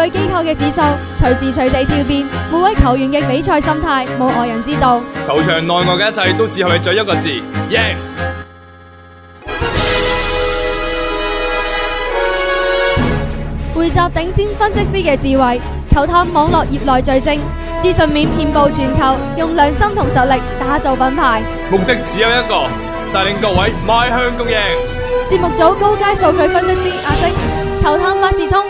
對機構嘅指數隨時隨地跳變，每位球員嘅比賽心態冇外人知道。球場內外嘅一切都只可以再一個字：贏。匯集頂尖分析師嘅智慧，球探網絡業內最精，資訊面遍佈全球，用良心同實力打造品牌。目的只有一個，帶領各位邁向共贏。節目組高階數據分析師阿星，球探萬事通。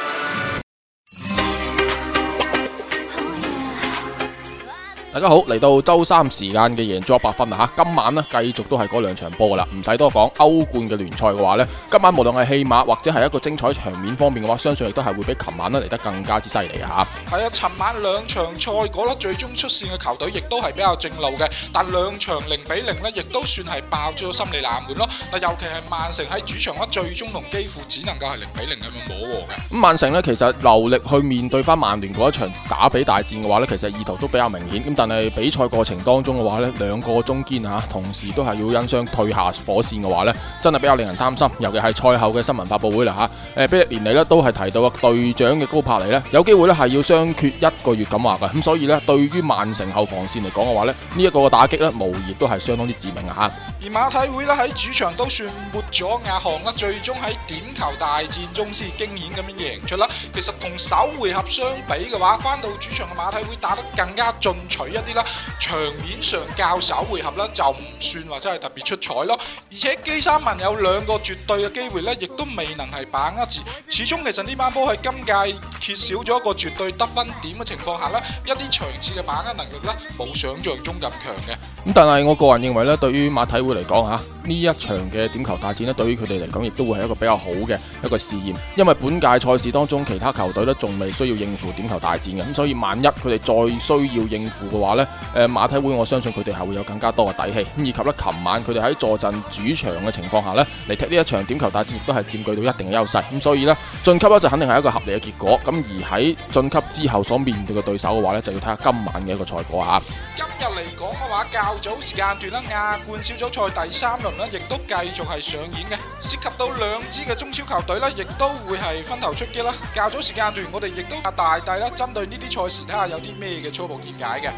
大家好，嚟到周三時間嘅贏足一百分啊吓，今晚咧繼續都係嗰兩場波噶啦，唔使多講，歐冠嘅聯賽嘅話咧，今晚無論係戲碼或者係一個精彩場面方面嘅話，相信亦都係會比琴晚咧嚟得更加之犀利啊吓。係啊，琴晚兩場賽果，啦最終出線嘅球隊亦都係比較正路嘅，但兩場零比零呢，亦都算係爆咗心理冷門咯。尤其係曼城喺主場咧最終同幾乎只能夠係零比零嘅磨和嘅。咁曼城呢，其實留力去面對翻曼聯嗰一場打比大戰嘅話呢，其實意圖都比較明顯。但係比賽過程當中嘅話呢，兩個中堅啊，同時都係要因傷退下火線嘅話呢，真係比較令人擔心。尤其係賽後嘅新聞發布會啦吓，誒、呃，畢一年嚟都係提到啊隊長嘅高柏尼呢，有機會呢係要傷缺一個月咁話嘅。咁所以呢，對於曼城後防線嚟講嘅話咧，呢、這、一個嘅打擊呢，無疑都係相當之致命啊！而馬體會呢，喺主場都算活咗亞航啦，最終喺點球大戰中先驚險咁樣贏出啦。其實同首回合相比嘅話，翻到主場嘅馬體會打得更加進取一啲啦，場面上較少回合啦，就唔算話真係特別出彩咯。而且基沙文有兩個絕對嘅機會呢，亦都未能係把握住。始終其實呢班波喺今屆缺少咗一個絕對得分點嘅情況下呢，一啲場次嘅把握能力呢，冇想象中咁強嘅。咁但係我個人認為呢，對於馬體會嚟講嚇，呢一場嘅點球大戰呢，對於佢哋嚟講亦都會係一個比較好嘅一個試驗，因為本屆賽事當中其他球隊呢，仲未需要應付點球大戰嘅，咁所以萬一佢哋再需要應付。話咧，誒，馬體會，我相信佢哋係會有更加多嘅底氣。咁以及呢，琴晚佢哋喺坐鎮主場嘅情況下咧，嚟踢呢一場點球大戰，亦都係佔據到一定嘅優勢。咁所以呢，晉級呢就肯定係一個合理嘅結果。咁而喺晉級之後所面對嘅對手嘅話呢，就要睇下今晚嘅一個賽果啊。今日嚟講嘅話，較早時間段咧，亞冠小組賽第三輪呢亦都繼續係上演嘅。涉及到兩支嘅中超球隊呢亦都會係分頭出擊啦。較早時間段我哋亦都阿大帝啦，針對呢啲賽事睇下有啲咩嘅初步見解嘅。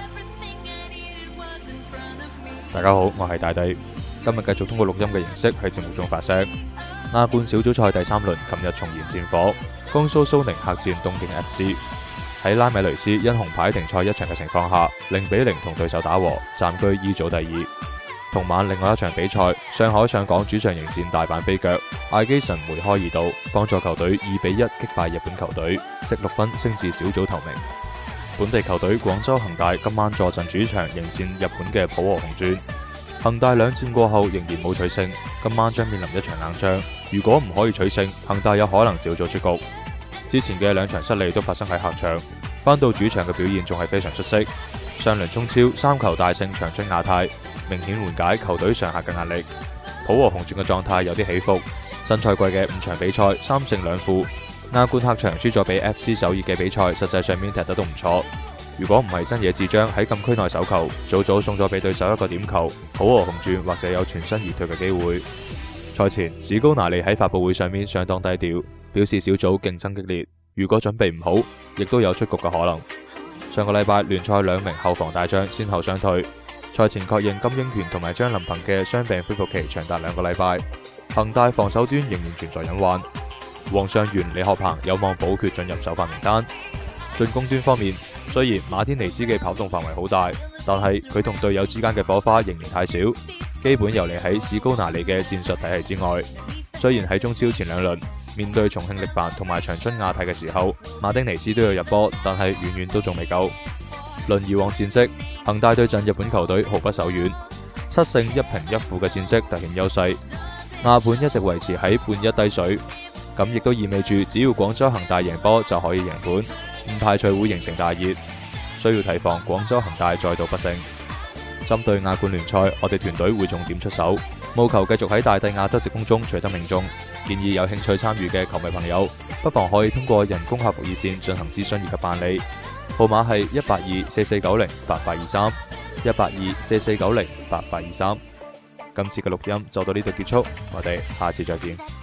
大家好，我係大地，今日繼續通過錄音嘅形式喺節目中發聲。亞冠小組賽第三輪，琴日重燃戰火，江蘇蘇寧客戰東京 FC。喺拉米雷斯因紅牌停賽一場嘅情況下，零比零同對手打和，暫居 E 組第二。同晚另外一場比賽，上海上港主場迎戰大阪飛腳，艾基神梅開二度，幫助球隊二比一擊敗日本球隊，積六分升至小組頭名。本地球隊廣州恒大今晚坐鎮主場迎戰日本嘅普和紅鑽。恒大兩戰過後仍然冇取勝，今晚將面臨一場硬仗。如果唔可以取勝，恒大有可能小組出局。之前嘅兩場失利都發生喺客場，翻到主場嘅表現仲係非常出色。上輪中超三球大勝長春亞泰，明顯緩解球隊上下嘅壓力。普和紅鑽嘅狀態有啲起伏，新賽季嘅五場比賽三勝兩負。亞冠客場輸咗俾 FC 首爾嘅比賽，實際上面踢得都唔錯。如果唔係真嘢智章喺禁區內手球，早早送咗俾對手一個點球，好和紅轉或者有全身而退嘅機會。賽前史高拿利喺發布會上面相當低調，表示小組競爭激烈，如果準備唔好，亦都有出局嘅可能。上個禮拜聯賽兩名後防大將先後傷退，賽前確認金英權同埋張琳芃嘅傷病恢復期長達兩個禮拜，恒大防守端仍然存在隱患。皇上元李學鵬有望保缺進入首發名單。進攻端方面，雖然馬天尼斯嘅跑動範圍好大，但係佢同隊友之間嘅火花仍然太少，基本游離喺史高拿尼嘅戰術體系之外。雖然喺中超前兩輪面對重慶力帆同埋長春亞太嘅時候，馬丁尼斯都有入波，但係遠遠都仲未夠。輪以往戰績，恒大對陣日本球隊毫不手軟，七勝一平一負嘅戰績突顯優勢。亞盤一直維持喺半一低水。咁亦都意味住，只要廣州恒大贏波就可以贏盤，唔排除會形成大熱，需要提防廣州恒大再度不勝。針對亞冠聯賽，我哋團隊會重點出手，務求繼續喺大地亞洲直攻中取得命中。建議有興趣參與嘅球迷朋友，不妨可以通過人工客服熱線進行諮詢以及辦理，號碼係一八二四四九零八八二三一八二四四九零八八二三。今次嘅錄音就到呢度結束，我哋下次再見。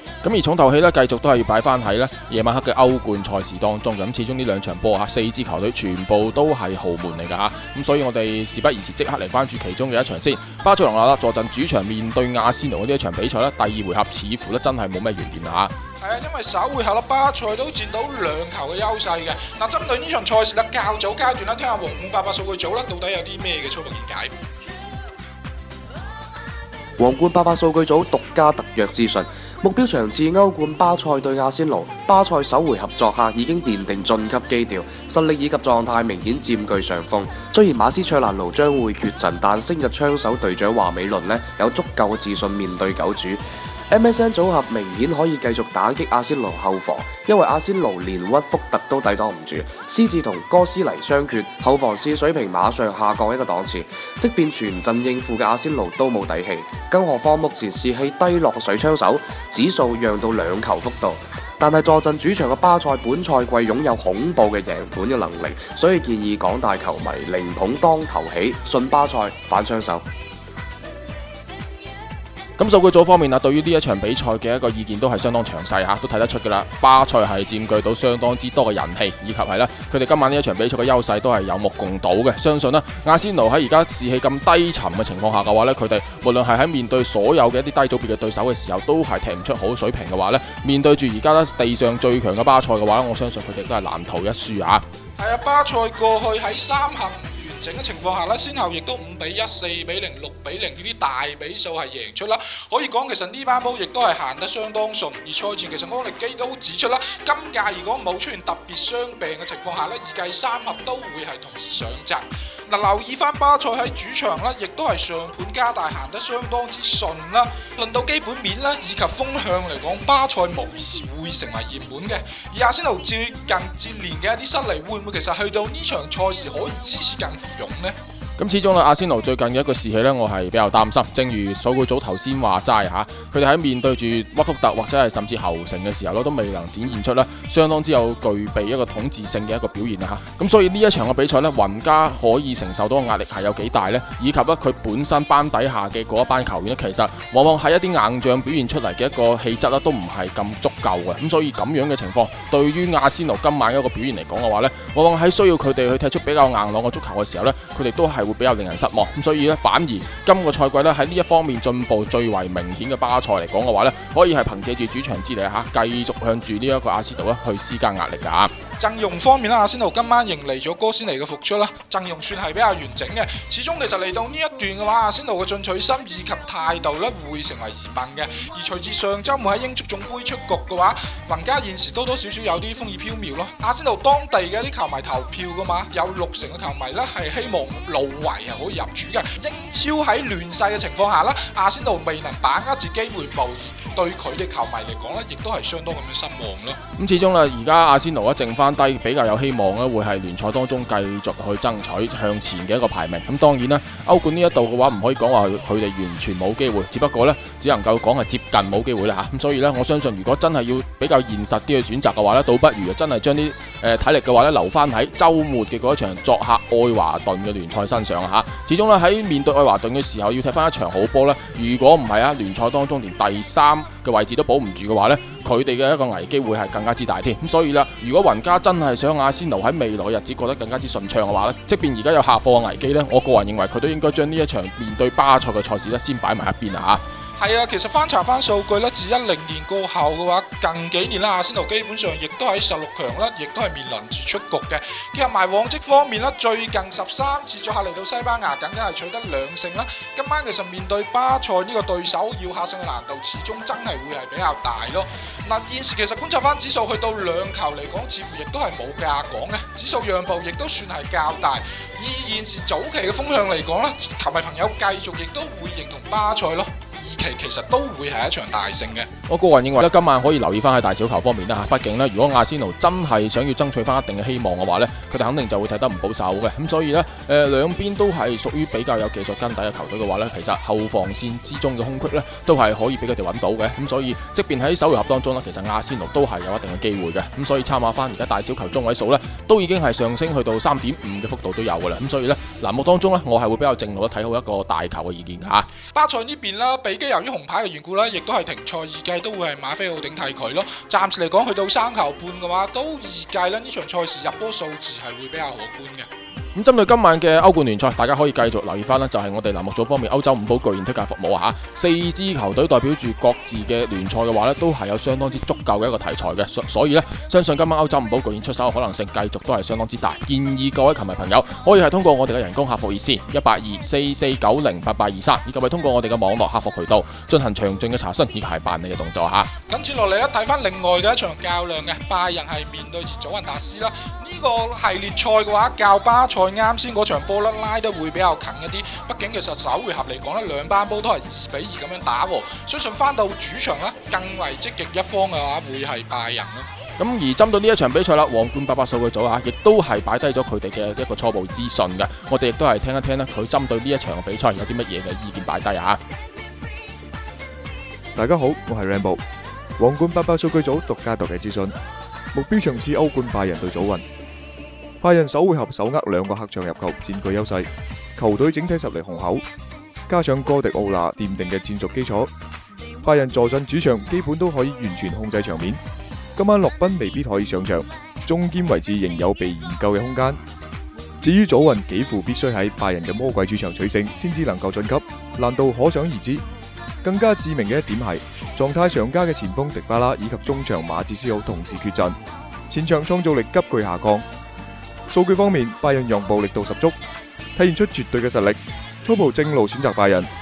咁而重頭戲咧，繼續都係要擺翻喺呢夜晚黑嘅歐冠賽事當中，咁始終呢兩場波啊，四支球隊全部都係豪門嚟噶吓，咁所以我哋事不宜遲，即刻嚟關注其中嘅一場先。巴塞羅那坐鎮主場面對亞仙奴呢一場比賽咧，第二回合似乎咧真係冇咩懸念啊。係啊，因為首回合咧巴塞都佔到兩球嘅優勢嘅。嗱，針對呢場賽事咧較早階段咧，聽下皇冠八八數據組咧到底有啲咩嘅初步見解。皇冠八八數據組獨家特約資訊。目標場次歐冠巴塞對阿仙奴，巴塞首回合作客已經奠定晉級基調，實力以及狀態明顯佔據上風。雖然馬斯卓蘭奴將會缺陣，但昔日槍手隊長華美倫呢有足夠自信面對狗主。MSN 組合明顯可以繼續打擊阿仙奴後防，因為阿仙奴連屈福特都抵擋唔住，獅子同哥斯尼傷缺，後防線水平馬上下降一個檔次，即便全陣應付嘅阿仙奴都冇底氣，更何況目前士氣低落，水槍手指數讓到兩球幅度，但係坐鎮主場嘅巴塞本賽季擁有恐怖嘅贏盤嘅能力，所以建議廣大球迷寧捧當頭起，信巴塞反槍手。咁數據組方面啊，對於呢一場比賽嘅一個意見都係相當詳細吓，都睇得出噶啦。巴塞係佔據到相當之多嘅人氣，以及係呢，佢哋今晚呢一場比賽嘅優勢都係有目共睹嘅。相信呢，阿仙奴喺而家士氣咁低沉嘅情況下嘅話呢，佢哋無論係喺面對所有嘅一啲低組別嘅對手嘅時候，都係踢唔出好水平嘅話呢，面對住而家地上最強嘅巴塞嘅話呢，我相信佢哋都係難逃一輸啊！係啊，巴塞過去喺三行整嘅情況下呢，先後亦都五比一、四比零、六比零呢啲大比數係贏出啦。可以講，其實呢班波亦都係行得相當順。而賽前，其實安力基都指出啦，今屆如果冇出現特別傷病嘅情況下呢，預計三合都會係同時上陣。嗱，留意翻巴塞喺主場啦，亦都係上盤加大行得相當之順啦。輪到基本面啦，以及風向嚟講，巴塞無疑會成為熱門嘅。而阿仙奴最近接連嘅一啲失利，會唔會其實去到呢場賽事可以支持更勇呢？咁始終阿仙奴最近嘅一個士氣呢，我係比較擔心。正如數據組頭先話齋嚇，佢哋喺面對住屈福特或者係甚至侯城嘅時候呢，都未能展現出呢相當之有具備一個統治性嘅一個表現啊！咁所以呢一場嘅比賽呢，雲加可以承受到嘅壓力係有幾大呢？以及呢，佢本身班底下嘅嗰一班球員呢，其實往往喺一啲硬仗表現出嚟嘅一個氣質呢，都唔係咁足夠嘅。咁所以咁樣嘅情況，對於阿仙奴今晚一個表現嚟講嘅話呢，往往喺需要佢哋去踢出比較硬朗嘅足球嘅時候呢，佢哋都係，比較令人失望咁，所以咧反而今個賽季咧喺呢一方面進步最為明顯嘅巴塞嚟講嘅話咧，可以係憑借住主場之利啊，繼續向住呢一個阿斯圖咧去施加壓力噶。陣容方面啦，阿仙奴今晚迎嚟咗哥斯尼嘅復出啦，陣容算係比較完整嘅。始終其實嚟到呢一段嘅話，阿仙奴嘅進取心以及態度咧，會成為疑問嘅。而隨住上週末喺英足總杯出局嘅話，雲加現時多多少少有啲風雨飄渺咯。阿仙奴當地嘅啲球迷投票嘅嘛，有六成嘅球迷咧係希望老維係可以入主嘅。英超喺亂世嘅情況下啦，阿仙奴未能把握住機會保。對佢啲球迷嚟講呢，亦都係相當咁樣失望咯。咁始終啦，而家阿仙奴咧剩翻低，比較有希望咧，會係聯賽當中繼續去爭取向前嘅一個排名。咁當然啦，歐冠呢一度嘅話唔可以講話佢哋完全冇機會，只不過呢，只能夠講係接近冇機會啦吓。咁所以呢，我相信如果真係要比較現實啲嘅選擇嘅話呢，倒不如真係將啲誒體力嘅話呢留翻喺周末嘅嗰一場作客愛華頓嘅聯賽身上吓。始終呢，喺面對愛華頓嘅時候要踢翻一場好波啦。如果唔係啊，聯賽當中連第三。嘅位置都保唔住嘅話，呢佢哋嘅一個危機會係更加之大添。咁所以啦，如果雲加真係想阿仙奴喺未來日子過得更加之順暢嘅話，呢即便而家有下課嘅危機，呢我個人認為佢都應該將呢一場面對巴塞嘅賽事呢先擺埋一邊啊。吓。係啊，其實翻查翻數據咧，自一零年過後嘅話，近幾年咧，阿仙奴基本上亦都喺十六強咧，亦都係面臨住出局嘅。喺埋往績方面咧，最近十三次作客嚟到西班牙，僅僅係取得兩勝啦。今晚其實面對巴塞呢個對手，要客勝嘅難度始終真係會係比較大咯。嗱，現時其實觀察翻指數，去到兩球嚟講，似乎亦都係冇價講嘅，指數讓步亦都算係較大。以現時早期嘅風向嚟講咧，球迷朋友繼續亦都會認同巴塞咯。其其實都會係一場大勝嘅。我個人認為咧，今晚可以留意翻喺大小球方面咧嚇。畢竟咧，如果亞仙奴真係想要爭取翻一定嘅希望嘅話呢，佢哋肯定就會睇得唔保守嘅。咁所以呢，誒兩邊都係屬於比較有技術根底嘅球隊嘅話呢，其實後防線之中嘅空隙呢，都係可以俾佢哋揾到嘅。咁所以，即便喺首回合當中呢，其實亞仙奴都係有一定嘅機會嘅。咁所以參考翻而家大小球中位數呢，都已經係上升去到三點五嘅幅度都有嘅啦。咁所以呢，欄目當中呢，我係會比較正路咧睇好一個大球嘅意見嚇。巴塞呢邊啦，即係由於紅牌嘅緣故啦，亦都係停賽，預計都會係馬菲奧頂替佢咯。暫時嚟講去到三球半嘅話都預計呢場賽事入波數字係會比較可觀嘅。咁針對今晚嘅歐冠聯賽，大家可以繼續留意翻呢，就係我哋欄目組方面歐洲五寶巨然推介服務啊吓，四支球隊代表住各自嘅聯賽嘅話呢都係有相當之足夠嘅一個題材嘅，所所以呢，相信今晚歐洲五寶巨然出手嘅可能性，繼續都係相當之大，建議各位球迷朋友可以係通過我哋嘅人工客服熱線一八二四四九零八八二三，823, 以及係通過我哋嘅網絡客服渠道進行詳盡嘅查詢以及係辦理嘅動作吓。跟住落嚟呢，睇翻另外嘅一場較量嘅，拜仁係面對住祖雲達斯啦，呢、這個系列賽嘅話，教巴塞再啱先嗰場波咧，拉得會比較近一啲，畢竟其實首回合嚟講咧，兩班波都係二比二咁樣打喎。相信翻到主場呢，更為積極一方嘅話，會係拜仁咯。咁而針對呢一場比賽啦，皇冠八八數據組啊，亦都係擺低咗佢哋嘅一個初步資訊嘅。我哋亦都係聽一聽咧，佢針對呢一場比賽有啲乜嘢嘅意見擺低啊！大家好，我係 Rambo，皇冠八八數據組獨家獨嘅資訊，目標場次歐冠拜仁對祖雲。拜仁首回合手握兩個客場入球，佔據優勢。球隊整體實力雄厚，加上哥迪奧拿奠定嘅戰術基礎，拜仁坐鎮主場基本都可以完全控制場面。今晚洛賓未必可以上場，中堅位置仍有被研究嘅空間。至於祖雲，幾乎必須喺拜仁嘅魔鬼主場取勝，先至能夠晉級，難度可想而知。更加致命嘅一點係狀態上佳嘅前鋒迪巴拉以及中場馬治斯奧同時缺陣，前場創造力急劇下降。數據方面，拜仁讓步力度十足，體現出絕對嘅實力，初步正路選擇拜仁。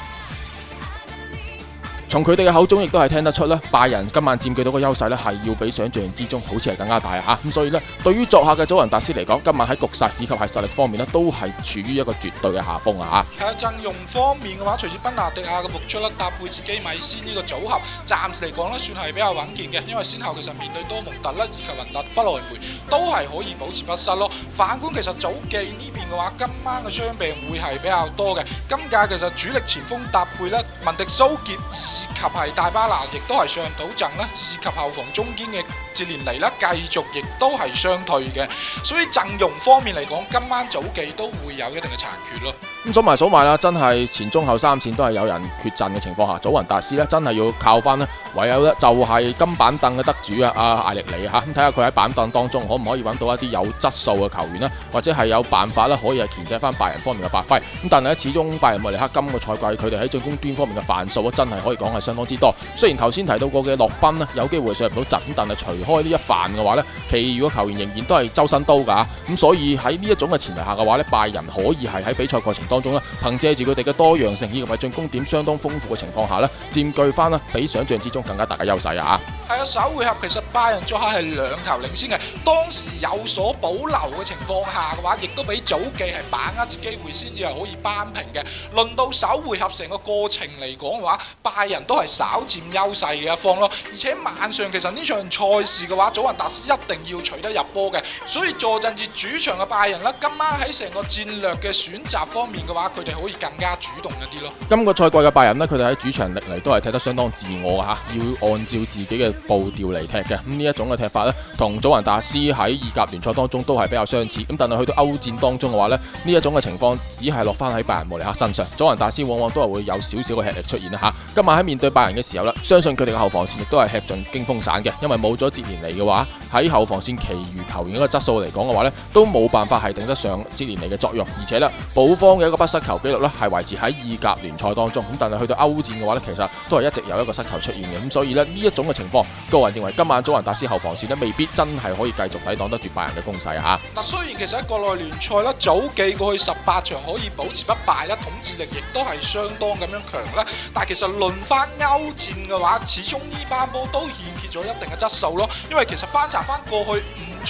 從佢哋嘅口中亦都係聽得出呢，拜仁今晚佔據到嘅優勢呢，係要比想像之中好似係更加大啊！咁所以呢，對於作客嘅祖雲達斯嚟講，今晚喺局勢以及係實力方面呢，都係處於一個絕對嘅下風啊！嚇，喺陣容方面嘅話，隨住賓拿迪亞嘅復出咧，搭配自己米斯呢個組合，暫時嚟講呢，算係比較穩健嘅，因為先後其實面對多蒙特啦，以及雲達不萊梅都係可以保持不失咯。反觀其實祖記呢邊嘅話，今晚嘅傷病會係比較多嘅。今屆其實主力前鋒搭配咧，文迪蘇傑。以及係大巴拿，亦都係上唔到陣啦。以及後防中堅嘅哲連尼啦，繼續亦都係傷退嘅。所以陣容方面嚟講，今晚祖記都會有一定嘅殘缺咯。咁數埋數埋啦，真係前中後三線都係有人缺陣嘅情況下，祖雲達斯呢真係要靠翻呢。唯有呢就係金板凳嘅得主啊，阿艾力尼。啊，咁睇下佢喺板凳當中可唔可以揾到一啲有質素嘅球員呢，或者係有辦法呢，可以係牽制翻拜仁方面嘅發揮。咁但係呢，始終拜仁慕尼黑今個賽季，佢哋喺進攻端方面嘅範數啊，真係可以講係相當之多。雖然頭先提到過嘅洛賓呢，有機會上唔到陣，但係除開呢一犯嘅話呢，其餘嘅球員仍然都係周身刀噶。咁所以喺呢一種嘅前提下嘅話呢，拜仁可以係喺比賽過程，當中咧，憑借住佢哋嘅多樣性以及進攻點相當豐富嘅情況下咧，佔據翻啦比想象之中更加大嘅優勢啊！係啊，首回合其實拜仁作客係兩球領先嘅，當時有所保留嘅情況下嘅話，亦都俾祖記係把握住機會先至係可以扳平嘅。輪到首回合成個過程嚟講嘅話，拜仁都係稍佔優勢嘅一方咯。而且晚上其實呢場賽事嘅話，祖雲達斯一定要取得入波嘅，所以坐鎮住主場嘅拜仁啦，今晚喺成個戰略嘅選擇方面嘅話，佢哋可以更加主動一啲咯。今個賽季嘅拜仁呢，佢哋喺主場歷嚟都係踢得相當自我嚇，要按照自己嘅步調嚟踢嘅咁呢一種嘅踢法呢，同祖雲達斯喺意甲聯賽當中都係比較相似咁，但係去到歐戰當中嘅話呢，呢一種嘅情況只係落翻喺拜仁慕尼黑身上，祖雲達斯往往都係會有少少嘅吃力出現啦嚇。今晚喺面對拜仁嘅時候呢，相信佢哋嘅後防線亦都係吃盡驚風散嘅，因為冇咗哲連尼嘅話，喺後防線其餘球員嘅質素嚟講嘅話呢，都冇辦法係頂得上哲連尼嘅作用，而且呢，補方嘅一個不失球紀錄呢，係維持喺意甲聯賽當中，咁但係去到歐戰嘅話呢，其實都係一直有一個失球出現嘅，咁所以呢，呢一種嘅情況。個人認為今晚祖雲達斯後防線咧，未必真係可以繼續抵擋得住拜仁嘅攻勢啊！嗱，雖然其實喺國內聯賽咧，早季過去十八場可以保持不敗咧，統治力亦都係相當咁樣強咧，但係其實輪翻歐戰嘅話，始終呢班波都欠缺咗一定嘅質素咯，因為其實翻查翻過去。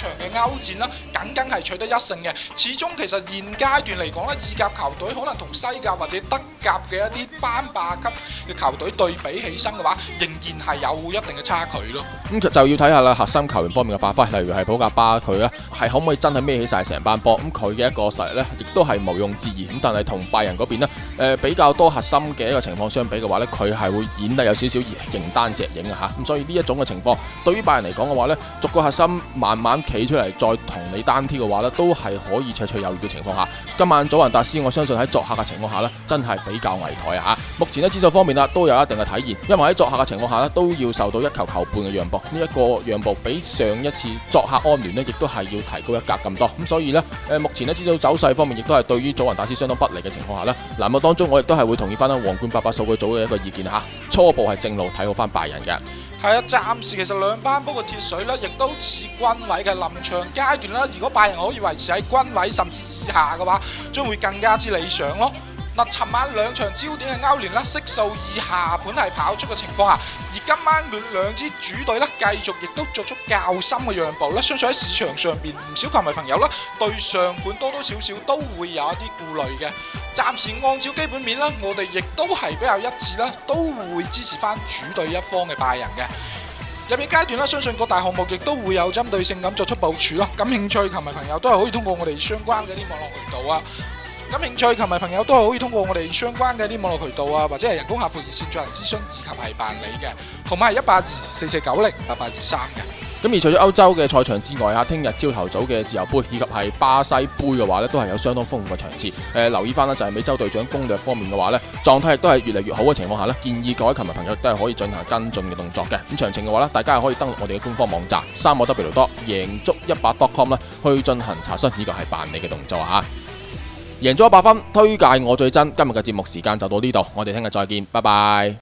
嘅歐戰啦，僅僅係取得一勝嘅。始終其實現階段嚟講呢，意甲球隊可能同西甲或者德甲嘅一啲班霸級嘅球隊對比起身嘅話，仍然係有一定嘅差距咯。咁、嗯、就要睇下啦，核心球員方面嘅發揮，例如係普加巴佢咧，係可唔可以真係孭起晒成班波？咁佢嘅一個實力呢，亦都係毋庸置疑。咁但係同拜仁嗰邊咧、呃，比較多核心嘅一個情況相比嘅話呢，佢係會顯得有少少形單隻影啊嚇。咁所以呢一種嘅情況，對於拜仁嚟講嘅話呢，逐個核心慢慢，企出嚟再同你單挑嘅話呢都係可以綽綽有餘嘅情況下。今晚祖雲達斯，我相信喺作客嘅情況下呢，真係比較危殆啊！目前呢，指數方面啦，都有一定嘅體現，因為喺作客嘅情況下呢，都要受到一球球半嘅讓步。呢、這、一個讓步比上一次作客安聯呢，亦都係要提高一格咁多。咁所以呢，誒目前呢，指數走勢方面，亦都係對於祖雲達斯相當不利嘅情況下呢。嗱，咁當中我亦都係會同意翻咧皇冠八八數據組嘅一個意見嚇，初步係正路睇好翻拜仁嘅。係啊，暫時其實兩班波的鐵水呢，亦都似均位嘅臨場階段啦。如果拜仁可以維持喺均位甚至以下嘅話，將會更加之理想咯。嗱，尋晚兩場焦點嘅歐聯咧，悉數以下盤係跑出嘅情況下，而今晚兩支主隊咧繼續亦都作出較深嘅讓步咧，相信喺市場上邊唔少球迷朋友啦，對上盤多多少少都會有一啲顧慮嘅。暫時按照基本面啦，我哋亦都係比較一致啦，都會支持翻主隊一方嘅拜仁嘅入面階段啦，相信各大項目亦都會有針對性咁作出部署咯。感興趣球迷朋友都係可以通過我哋相關嘅啲網絡渠道啊。感興趣球迷朋友都係可以通過我哋相關嘅啲網絡渠道啊，或者係人工客服熱線進行諮詢以及係辦理嘅，號碼係一八二四四九零八八二三嘅。咁而除咗歐洲嘅賽場之外啊，聽日朝頭早嘅自由杯以及係巴西杯嘅話呢都係有相當豐富嘅場次。誒、呃，留意翻啦，就係、是、美洲隊長攻略方面嘅話呢狀態亦都係越嚟越好嘅情況下咧，建議各位球迷朋友都係可以進行跟進嘅動作嘅。咁詳情嘅話咧，大家係可以登錄我哋嘅官方網站三個 W 多贏足一百 .com 啦，去進行查詢，呢、這個係辦理嘅動作啊。贏咗一百分，推介我最真。今日嘅節目時間就到呢度，我哋聽日再見，拜拜。